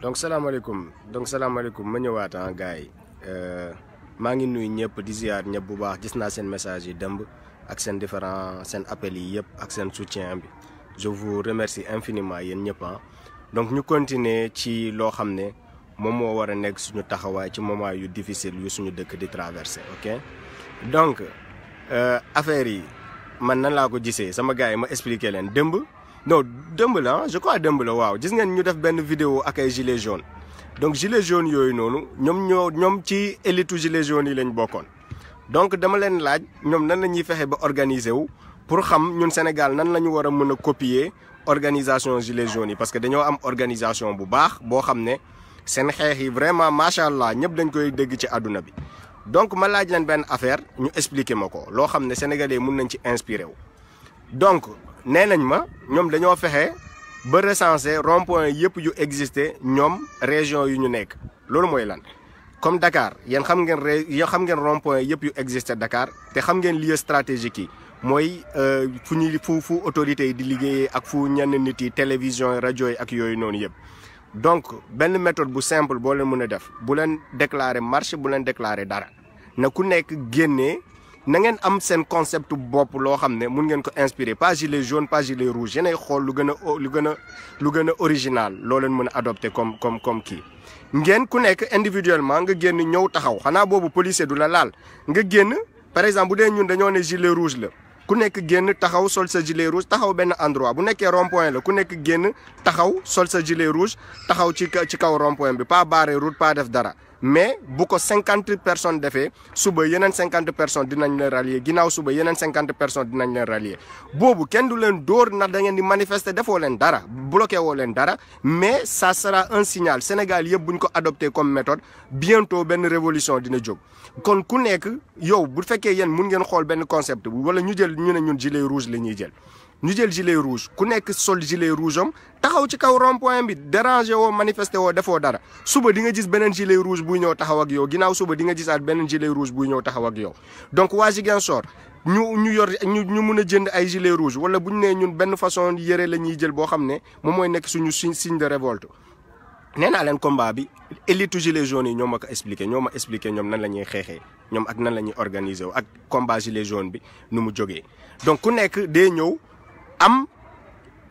donc salaamaaleykum donc salaamaaleykum ma ñëwaat ah gars yi euh, maa ngi nuyu ñëpp di ziar ñëpp bu baax gis naa seen message yi dëmb ak seen différents seen appels yi yëpp ak seen soutien bi je vous remercie infiniment yéen ñëpp ah. donc ñu continuer ci loo xam ne moom moo war a nekk suñu taxawaay ci moment yu difficile yu suñu dëkk di traversé ok donc euh, affaire yi man nan laa ko gisee sama gars yi ma expliqué leen dëmb non dëmb la je crois la waaw gis ngeen ñu def benn vidéo ak ay gilets jaunes donc gilets jaunes yooyu noonu ñoom ñoo ñoom ci élitu gilets jaunes yi lañ bokkoon. donc dama leen laaj ñoom nan la ñuy fexe ba organiser wu pour xam ñun Sénégal nan la ñu war a mën a copier organisation gilets jaunes yi parce que dañoo am organisation bu baax boo xam ne seen xeex yi vraiment macha allah ñëpp dañ koy dégg ci àdduna bi. donc ma laaj leen benn affaire ñu expliquer ma ko loo xam ne sénégalais mun nañ ci inspiré wu donc. ne nañ ma ñoom dañoo fexe ba recenser rond-point yëpp yu existé ñoom région yu ñu nekk loolu mooy lan comme Dakar yéen xam ngeen ré xam ngeen rond-point yëpp yu existé Dakar te xam ngeen lieu stratégique yi mooy euh, fu ñuy fu fu autorités yi di liggéey ak fu ñenn nit yi télévision rajo yi ak yooyu noonu yëpp donc benn méthode bu simple boo leen mën a def bu leen déclarer marché bu leen déclarer dara na nekk génnee na ngeen am seen concept bopp loo xam ne mun ngeen ko inspiré pas gilet jaune pas gilet rouge yéenay xool lu gën a lu gën a lu gën a original loo leen mën a adopté comme comme comme kii. ngeen ku nekk individuellement nga génn ñëw taxaw xanaa boobu policier du la laal nga génn par exemple bu dee ñun dañoo ne gilet rouge la ku nekk génn taxaw sol sa gilet rouge taxaw benn endroit bu nekkee rond la ku nekk génn taxaw sol sa gilet rouge taxaw ci ci kaw rond point bi pas barré route pas def dara. mais bu ko cinquante personnes defee suba yeneen cinquante personnes dinañ leen rallier ginnaaw suba yeneen cinquante personnes dinañ leen rallier boobu kenn du leen dóor ndax da di manifester defoo leen dara bloqué woo leen dara mais sa sera un signal Sénégal yëpp bu ñu ko adopté comme méthode bientôt benn révolution dina jóg. kon ku nekk yow bu fekkee yéen mun ngeen xool benn concept wala ñu jël ñu ne ñun gilet rouge la ñuy jël. ñu jël gilet rouge ku nekk sol gilet rouge am taxaw ci kaw rompoin point bi dérangé woo manifesté woo defoo dara suba di nga gis beneen gilet rouge buy ñëw taxaw ak yow ginaaw suba di nga gisaat beneen gilet rouge buy ñëw taxaw ak yow donc waa Ziguinchor ñu ñu yor ñu ñu mun a jënd ay gilet rouge wala bu ñu nee ñun benn façon yëre la ñuy jël boo xam ne moom mooy nekk suñu signe de révolte nee naa leen combat bi élite gilets jaunes yi ñoo ma ko expliqué ñoo ma expliqué ñoom nan la xeexee ñoom ak nan la ñuy organiser wu ak combat gilet jaune bi nu mu jógee donc nekk day ñëw am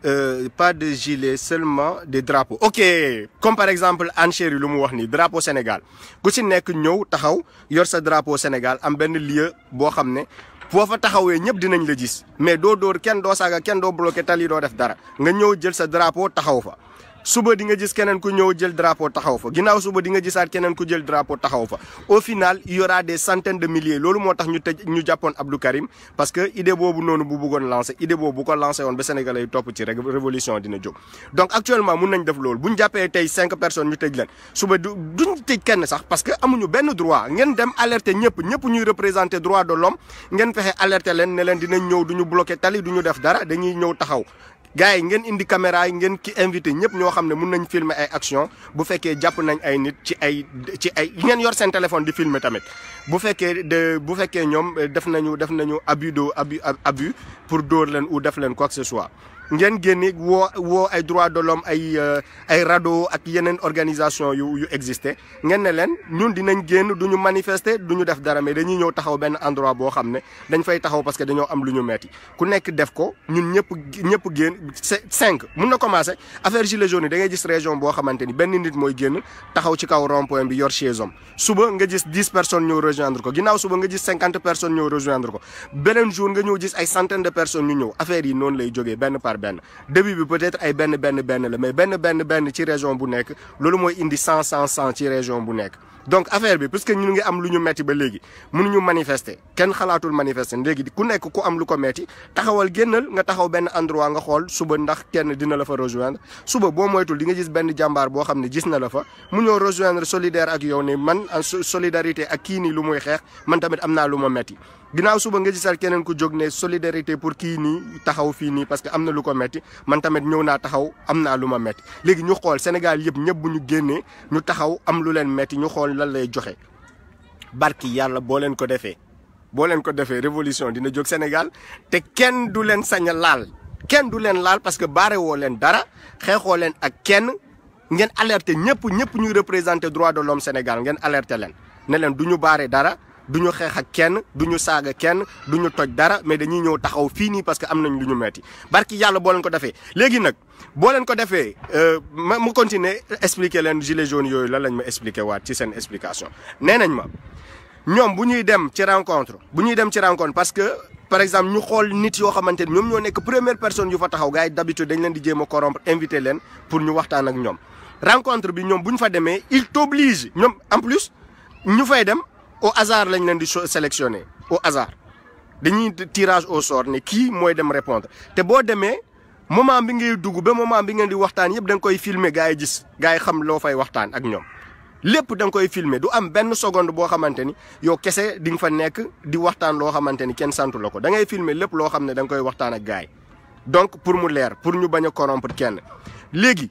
Euh, pas de gilet seulement des drapeaux ok comme par exemple Anne Chérie lu mu wax nii drapo Sénégal ku ci nekk ñëw taxaw yor sa drapeau Sénégal am benn lieu boo xam ne boo fa taxawee ñëpp dinañ la gis mais doo dóor kenn doo saaga kenn doo bloqué tali doo def dara nga ñëw jël sa drapeau taxaw fa. suba di nga gis keneen ku ñëw jël drapeau taxaw fa ginnaaw suba di nga gisaat keneen ku jël drapeau taxaw fa au final il y aura des centaines de milliers loolu moo tax ñu tëj ñu jàppoon Abdou Karim parce que idée boobu noonu bu bëggoon lancé idée boobu bu ko lancé woon ba Sénégalais yi topp ci rek révolution dina jóg donc actuellement mun nañ def loolu bu ñu tey cinq personnes ñu tëj leen suba du duñ tëj kenn sax parce que amuñu benn droit ngeen dem alerter ñëpp ñëpp ñuy représenter droit de l'homme ngeen fexe alerter leen ne leen dinañ ñëw duñu bloqué tali duñu def dara dañuy ñëw taxaw gars yi ngeen indi caméra ngeen ki invité ñëpp ñoo xam ne mun nañ filmer ay action bu fekkee jàpp nañ ay nit ci ay ci ay ngeen yor seen téléphone di filmer tamit bu fekkee de bu fekkee ñoom def nañu def nañu abus de abus abus pour dóor leen ou def leen quoi que ce soit ngeen génne woo woo ay droits de l'homme ay euh, ay rado ak yeneen organisation yu yu existé ngeen ne leen ñun dinañ génn du ñu manifester du ñu def dara mais dañuy ñëw taxaw benn endroit boo xam ne dañ fay taxaw parce que dañoo am lu ñu metti ku nekk def ko ñun ñëpp ñëpp génn cinq mun na commencé affaire gilet jaune yi da ngay gis région boo xamante ni benn nit mooy génn taxaw ci kaw rond-point bi yor chaise am suba nga gis dix personnes ñëw rejoindre ko ginnaaw suba nga benn début bi peut-être ay benn benn benn la mais benn benn benn ci région bu nekk loolu mooy indi cent cent cent ci région bu nekk donc affaire bi que ñu ngi am lu ñu metti ba léegi ñu manifester kenn xalaatul manifester léegi ku nekk ku am lu ko metti taxawal génnal nga taxaw benn endroit nga xool suba ndax kenn dina la fa rejoindre suba boo moytul di nga gis benn jàmbaar boo xam ne gis na la fa mu ñëw rejoindre solidaire ak yow ne man en solidarité ak kii nii lu muy xeex man tamit am naa lu ma ginnaaw suba nga gisal keneen ku jog ne solidarité pour kii ni taxaw fii nii parce que am na lu ko metti man tamit ñëw naa taxaw am naa lu ma metti léegi ñu xool Sénégal yëpp ñëpp bu ñu génnee ñu taxaw am lu leen metti ñu xool lan lay joxe barki yàlla boo leen ko defee boo leen ko defee révolution dina jóg Sénégal te kenn du leen sañ laal kenn du leen laal parce que baare woo leen dara xeexoo leen ak kenn ngeen alerte ñëpp ñëpp ñuy représenter droit de l'homme Sénégal ngeen alerter leen ne leen du ñu baare dara du ñu xeex ak kenn du ñu saaga kenn du ñu toj dara mais dañuy ñëw taxaw fii nii parce que am nañ lu ñu metti barki yàlla boo leen ko defee léegi nag boo leen ko defee euh, ma mu continuer explique leen gilet jaune yooyu lan lañ ma expliquer waat ci seen explication nee nañ ma ñoom bu ñuy dem ci rencontre bu ñuy dem ci rencontre parce que par exemple ñu xool nit yoo xamante ni ñoom ñoo nekk premiere personne yu fa taxaw gars yi d'habitude dañ leen di jéem corrompre invité leen pour ñu waxtaan ak ñoom rencontre bi ñoom bu ñu fa demee il t'oblige ñoom en plus ñu fay dem au hasard lañ leen di sélectionné au hasard dañuy tirage au sort ne kii mooy dem répondre te boo demee moment bi ngay dugg ba moment bi ngeen di waxtaan yëpp da nga koy filmer gars yi gis gars yi xam loo fay waxtaan ak ñoom lépp danga koy filmer du am benn seconde boo xamante ni yow kese dinga fa nekk di waxtaan loo xamante ni kenn santu la ko da ngay filmer lépp loo xam ne da koy waxtaan ak gaay donc pour mu leer pour ñu bañ a corrompre kenn léegi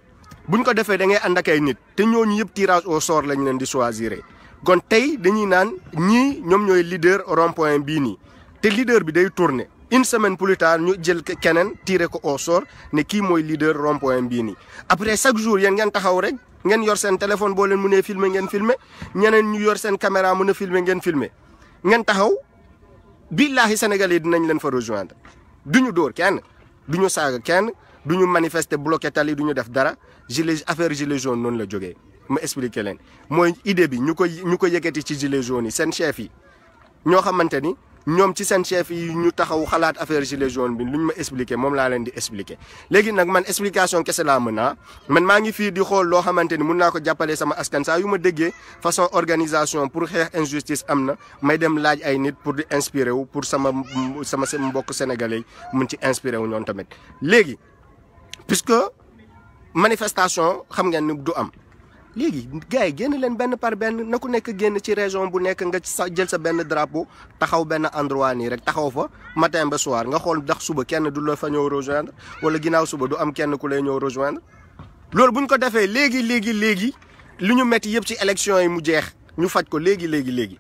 buñ ko defee da ngay ànd ak ay nit te ñooñu yëpp tirage au sort lañ leen di choisir kon tey dañuy naan ñii ñoom ñooy leader rond point bii nii te leader bi day tourner une semaine plus ñu jël keneen tiré ko au sort ne kii mooy leader rond bii nii. après chaque jour yéen ngeen taxaw rek ngeen yor seen téléphone boo leen mënee filmer ngeen filmer ñeneen ñu yor seen caméra mën a filmer ngeen filmer ngeen taxaw billaahi Sénégal yi dinañ leen fa rejoindre du ñu dóor kenn du ñu saaga kenn du ñu manifester bloqué tali du ñu def dara gilet affaire gilet jaune noonu la jógee. ma expliquer leen mooy idée bi ñu ko ñu ko yëkkati ci gilet jaune yi seen chef yi ñoo xamante ni ñoom ci seen chef yi ñu taxaw xalaat affaire gilet jaune bi lu ñu ma expliquer moom laa leen di expliquer léegi nag man explication kese laa mën naa man maa ngi fii di xool loo xamante ni mun naa ko jàppale sama askan saa yu ma déggee façon organisation pour xeex injustice am na may dem laaj ay nit pour di inspirer wu pour sama sama mbokk sénégalais mun ci inspirer wu ñoom tamit léegi puisque manifestation xam ngeen ni du am. léegi gars yi génn leen benn par benn na ku nekk génn ci région bu nekk nga sa jël sa benn drapeau taxaw benn endroit nii rek taxaw fa matin ba soir nga xool ndax suba kenn du la fa ñëw rejoindre wala ginnaaw suba du am kenn ku lay ñëw rejoindre. loolu bu ñu ko defee léegi léegi léegi lu ñu metti yëpp ci élection yi mu jeex ñu faj ko léegi léegi léegi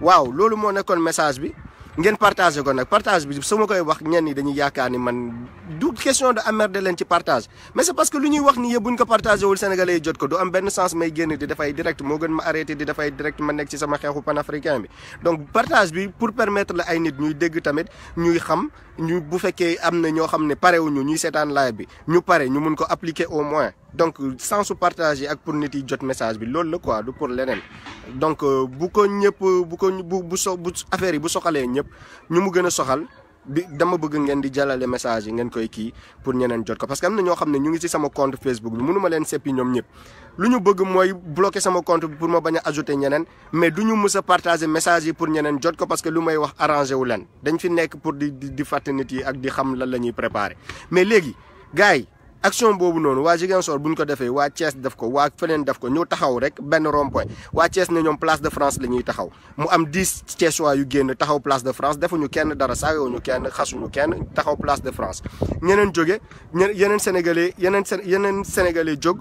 waaw loolu moo nekkoon message bi. ngeen partagé ko nag partage bi su ma koy wax ñenn ni dañu yaakaar ni man du question de amerde leen ci partage mais c'est parce que lu ñuy wax ni yëpp buñ ko partagé wul sénégalais yi jot ko do am benn sens may génn di dafay direct moo gën ma arrêté di dafay direct ma nekk ci sama xeexu panafricain bi donc partage bi pour permettre la ay nit ñuy dégg tamit ñuy xam ñu bu fekkee am na ñoo xam ne parewuñu ñuy seetaan live bi ñu pare ñu mun ko appliquer au moins donc sans su partager ak pour nit yi jot message bi loolu la quoi du pour leneen donc euh, bu ko ñëpp bu ko bu bu so bu affaire yi bu soxalee ñëpp ñu mu gën a soxal bi dama bëgg ngeen di jàllale message yi ngeen koy kii pour ñeneen jot ko parce que na ñoo xam ne ñu ngi ci sama compte Facebook bi mënuma leen seppi ñoom ñëpp lu ñu bëgg mooy bloquer sama compte bi pour ma bañ a ajouter ñeneen mais du ñu mës a message yi pour ñeneen jot ko parce que lu may wax arrangé wu leen dañ fi nekk pour di di fàtte nit yi ak di xam lan la ñuy préparer mais léegi gars yi action boobu noonu waa Ziguinchor buñu ko defee waa Thiès def ko waa feneen def ko ñu taxaw rek benn rond point waa Thiès ne ñoom place de France la ñuy taxaw mu am dix Thiessois yu génn taxaw place de France defuñu kenn dara saagawuñu kenn xasuñu kenn taxaw place de France ñeneen jóge yeneen sénégalais yeneen yeneen sénégalais jóg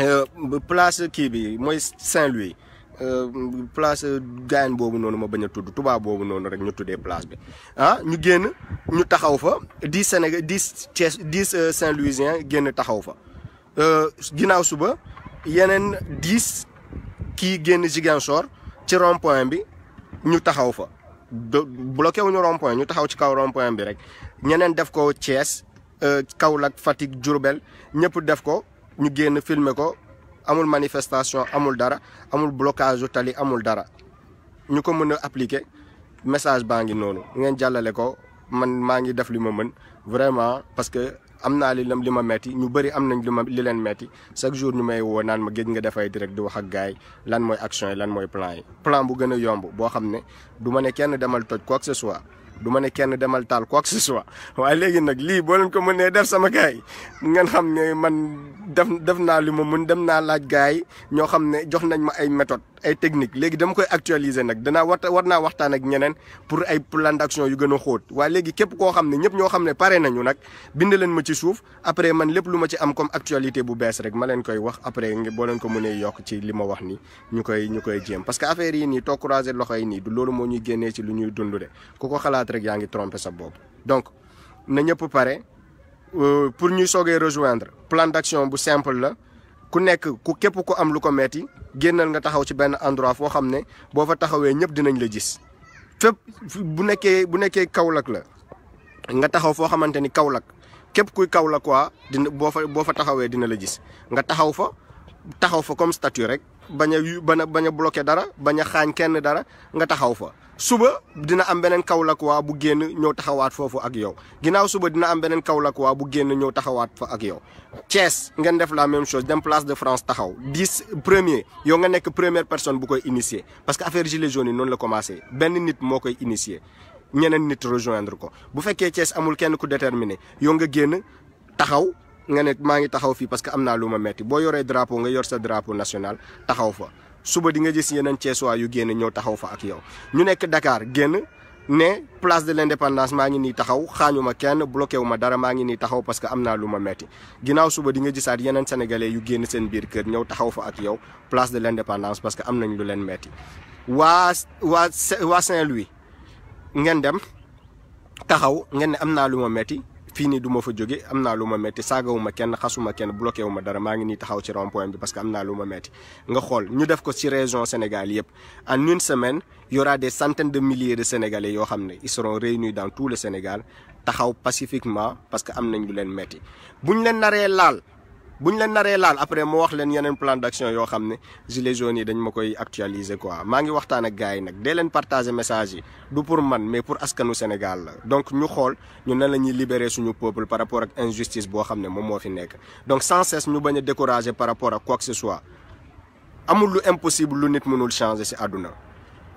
euh, place kii bi mooy Saint-Louis. Euh, place euh, gaayan boobu noonu ma bañ a tudd tubaab boobu noonu rek ñu tuddee place bi ah ñu génn ñu taxaw fa dix Sénégal dix Thiès dix euh, Saint-Louisien génn taxaw fa ginnaaw suba yeneen dix kii génn Ziguinchor ci rond bi ñu taxaw fa bloqué wuñu rond ñu taxaw ci kaw rond bi rek ñeneen def ko Thiès Kaolack Fatick Diourbel ñëpp def ko ñu génn filmer ko amul manifestation amul dara amul blocage u tali amul dara ñu ko mën a appliquer message baa ngi noonu ngeen jàllale ko man maa ngi def li ma mën vraiment parce que am naa li lam li ma metti ñu bëri am nañ li ma li leen metti chaque jour ñu may woo naan ma géej nga dafay direct di wax ak gars yi lan mooy action yi lan mooy plan yi plan bu gën a yomb boo xam ne du ma ne kenn demal toj quoi que ce soit du ma ne kenn demal taal quoi que ce soi waaye léegi nag lii boo leen ko mënee def sama gars yi ngeen xam ne man def def naa li ma mën dem naa laaj gars yi ñoo xam ne jox nañ ma ay méthode ay technique léegi dama koy actualiser nag danaa war war naa waxtaan ak ñeneen pour ay plan d'action yu gën a xoot waaye léegi képp koo xam ne ñëpp ñoo xam ne pare nañu nag bind leen ma ci suuf après man lépp lu ma ci am comme actualité bu bees rek ma leen koy wax après boo leen ko mënee yokk ci li ma wax ni ñu koy ñu koy jéem parce que affaire yi nii toog croiser loxo yi nii du loolu moo ñuy génnee ci lu ñuy dund de ko xalaat xalaat rek yaa ngi tromper sa bopp donc na ñëpp pare euh, pour ñuy soogee rejoindre plan d'action bu simple la ku nekk ku képp ku am lu ko metti génnal nga taxaw ci benn endroit foo xam ne boo fa taxawee ñëpp dinañ la gis fépp bu nekkee bu nekkee Kaolack la nga taxaw foo xamante ni Kaolack képp kuy Kaolack waa dina boo fa boo fa taxawee dina la gis nga taxaw fa taxaw fa comme statue rek bañ a bañ a bañ a bloqué dara bañ a xaañ kenn dara nga taxaw fa suba dina am beneen Kaolack waa bu génn ñëw taxawaat foofu ak yow ginnaaw suba dina am beneen Kaolack waa bu génn ñëw taxawaat fa ak yow cees ngeen def la même chose dem place de France taxaw dix premier yow nga nekk première personne bu koy initier parce que affaire gilet jaune yi noonu la commencé benn nit moo koy initier ñeneen nit rejoindre ko bu fekkee Thiès amul kenn ku déterminé yow nga génn taxaw nga ne maa ngi taxaw fii parce que am naa lu boo yoree drapeau nga yor sa drapeau national taxaw fa suba di nga gis yeneen Ceesuwaay yu génn ñëw taxaw fa ak yow ñu nekk Dakar génn ne place de l'indépendance maa ngi nii taxaw xaañuma kenn bloqué wu dara maa ngi nii taxaw parce que am naa lu ma metti ginnaaw suba di nga gisaat yeneen sénégalais yu génn seen biir kër ñëw taxaw fa ak yow place de l'indépendance parce que am nañ lu leen metti waa waa waa Saint-Louis ngeen dem taxaw ngeen ne am naa lu ma metti fii nii du ma fa jóge am naa lu ma metti saagawuma kenn xasuma kenn bloqué dara maa ngi nii taxaw ci rond bi parce que am naa lu ma metti nga xool ñu def ko ci région Sénégal yëpp en une semaine y aura des centaines de milliers de Sénégalais yoo xam ne ils seront réunis dans tout le Sénégal taxaw pacifiquement parce que am nañ lu leen metti buñ leen naree laal. bu ñu leen naree laal après moo wax leen yeneen plan d'action yoo xam ne gilets jaunes yi dañ ma koy actualiser quoi maa ngi waxtaan ak gars yi nag dee leen partager message yi du pour man mais pour askanu Sénégal la donc ñu xool ñu ne la ñuy libérer suñu peuple par rapport ak injustice boo xam ne moom moo fi nekk donc sans cesse ñu baña a par rapport ak quoi que ce soit amul lu impossible lu nit mënul changé ci àdduna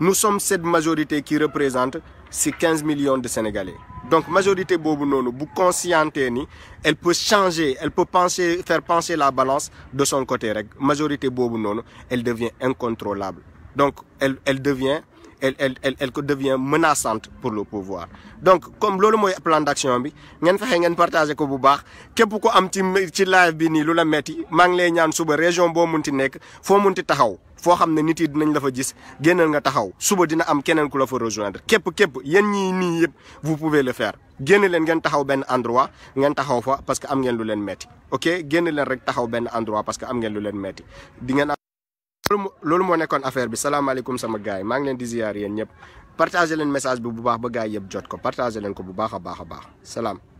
nous some cette majorité qui représente ces quinze millions de Sénégalais donc majorité boobu noonu bu conscientee ni el peut changer el peut penser faire la balance de son côté rek majorité boobu noonu elle devient incontrôlable donc elle elle devient elle elle elle elle devient menaçante pour le pouvoir donc comme loolu mooy plan d'action bi ngeen fexe ngeen partagé ko bu baax képp ko am ci ci live bi nii lu la metti maa ngi lay ñaan suba région boo mun ti nekk foo ti taxaw. foo xam ne nit yi dinañ la fa gis nga taxaw suba dina am keneen ku la fa rejoindre képp képp yen ñii nii yëpp vous pouvez le faire génn leen ngeen taxaw benn endroit ngeen taxaw fa parce que am ngeen lu leen metti ok génn leen rek taxaw benn endroit parce que am ngeen lu leen metti di ngeen loolu moo nekkoon affaire bi salaamaaleykum sama gars yi maa ngi leen di ziar yéen ñëpp partagé leen message bi bu baax ba gars yi yëpp jot ko partagé leen ko bu a baax a baax